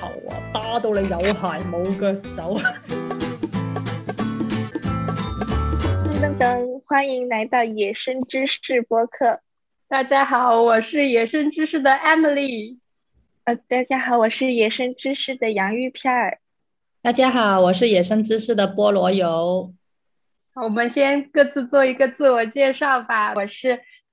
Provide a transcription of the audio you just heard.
好啊，打到你有鞋冇腳走。噔噔噔，歡迎來到野生芝士播客。大家好，我是野生芝士的 Emily、呃。大家好，我是野生芝士的洋芋片。大家好，我是野生芝士的菠蘿油。我們先各自做一個自我介紹吧。我是。